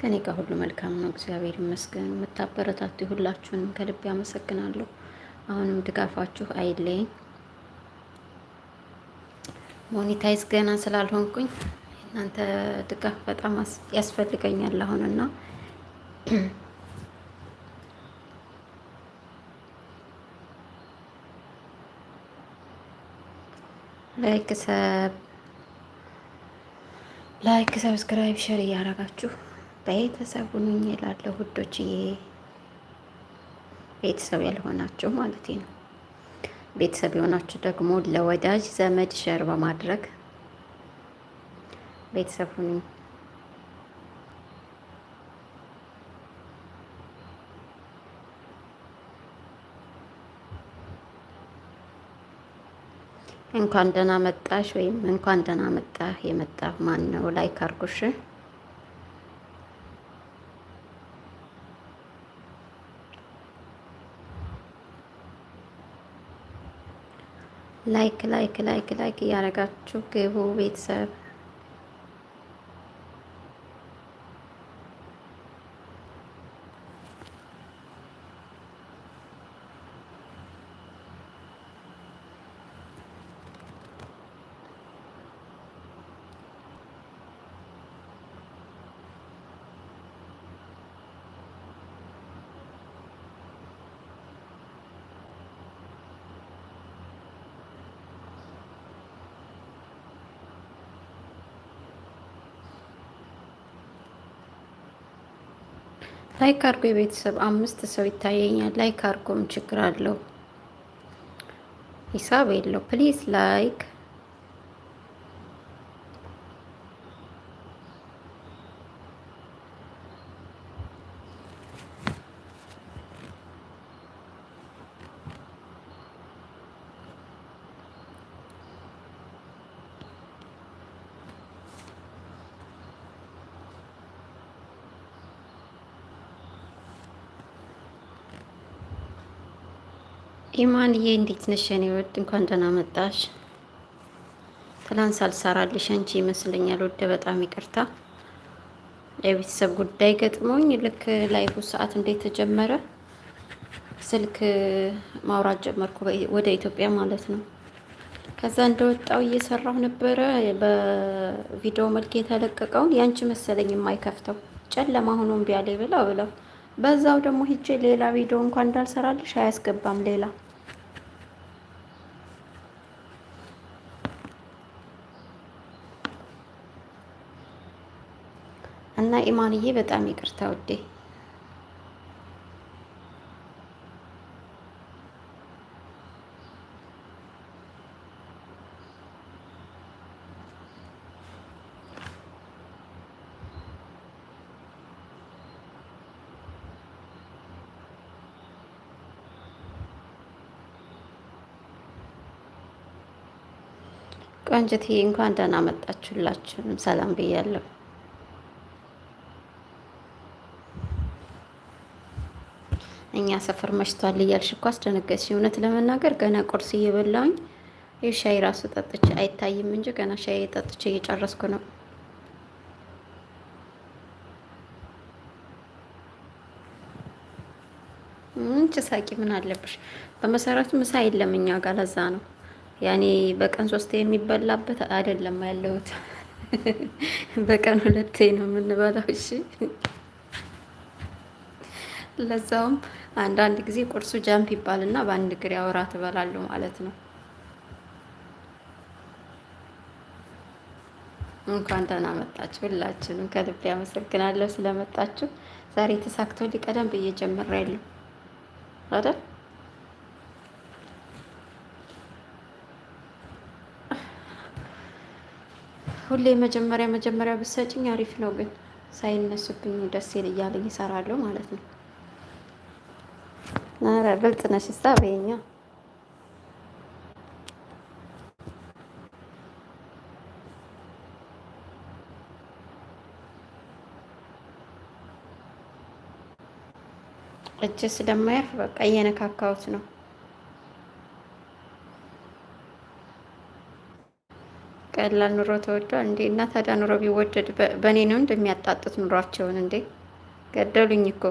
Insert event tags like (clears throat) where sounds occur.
ከኔ ጋር ሁሉ መልካም ነው፣ እግዚአብሔር ይመስገን። የምታበረታቱ ሁላችሁንም ከልቤ አመሰግናለሁ። አሁንም ድጋፋችሁ አይለኝ። ሞኒታይዝ ገና ስላልሆንኩኝ እናንተ ድጋፍ በጣም ያስፈልገኛል አሁንና (clears throat) ላይክ ሰብ ላይክ ሰብስክራይብ ሸር እያደረጋችሁ ቤተሰቡን እላለሁ ውዶችዬ፣ ቤተሰብ ያልሆናችሁ ማለት ነው። ቤተሰብ የሆናችሁ ደግሞ ለወዳጅ ዘመድ ሸር በማድረግ ቤተሰቡን እንኳን ደህና መጣሽ ወይም እንኳን ደህና መጣህ የመጣ ማን ነው ላይ ካርጉሽ ላይክ ላይክ ላይክ ላይክ እያደረጋችሁ ግቡ ቤተሰብ ላይክ አርጎ የቤተሰብ አምስት ሰው ይታየኛል። ላይክ አርጎም ችግር አለው ሂሳብ የለው። ፕሊዝ ላይክ ኢማንዬ እንዴት ነሽ? እኔ ውድ እንኳን ደህና መጣሽ። ትላንት ሳልሰራልሽ አንቺ ይመስለኛል ውድ፣ በጣም ይቅርታ። የቤተሰብ ጉዳይ ገጥሞኝ ልክ ላይፉ ሰዓት እንዴት ተጀመረ ስልክ ማውራት ጀመርኩ ወደ ኢትዮጵያ ማለት ነው። ከዛ እንደወጣው እየሰራሁ ነበረ በቪዲዮ መልክ የተለቀቀውን ያንቺ መሰለኝ የማይከፍተው ጨለማ ሆኖ እምቢ አለኝ ብለው ብለው በዛው ደግሞ ሂጄ ሌላ ቪዲዮ እንኳን እንዳልሰራልሽ አያስገባም ሌላ እና ኢማንዬ በጣም ይቅርታ ውዴ። ቆንጅትዬ እንኳን ደህና መጣችሁላችሁንም ሰላም ብያለሁ። እኛ ሰፈር መሽቷል እያልሽ እኮ አስደነገጥሽ። እውነት ለመናገር ገና ቁርስ እየበላውኝ ይህ ሻይ ራሱ ጠጥቼ አይታይም እንጂ ገና ሻይ ጠጥቼ እየጨረስኩ ነው። ምንጭ ሳቂ ምን አለብሽ? በመሰረቱ ምሳ የለም እኛ ጋር ለዛ ነው ያኔ በቀን ሶስቴ የሚበላበት አይደለም ያለሁት። (laughs) በቀን ሁለቴ ነው የምንበላው። እሺ ለዛውም አንዳንድ ጊዜ ቁርሱ ጃምፕ ይባልና በአንድ እግሬ ያወራ ትበላለሁ ማለት ነው። እንኳን ደህና መጣችሁ። ሁላችንም ከልቤ አመሰግናለሁ ስለመጣችሁ። ዛሬ ተሳክቶ ሊቀደም ብዬ ጀምሬያለሁ አይደል? ሁሌ መጀመሪያ መጀመሪያ ብትሰጭኝ አሪፍ ነው፣ ግን ሳይነሱብኝ ደስ ይል እያለኝ ይሰራለሁ ማለት ነው። ኧረ ብልጥ ነሽ እሳ በይኛ እጅ ስለማያርፍ በቃ እየነካካሁት ነው። ቀላል ኑሮ ተወዷል እንዴ? እና ታዲያ ኑሮ ቢወደድ በእኔ ነው እንደሚያጣጡት ኑሯቸውን እንዴ? ገደሉኝ እኮ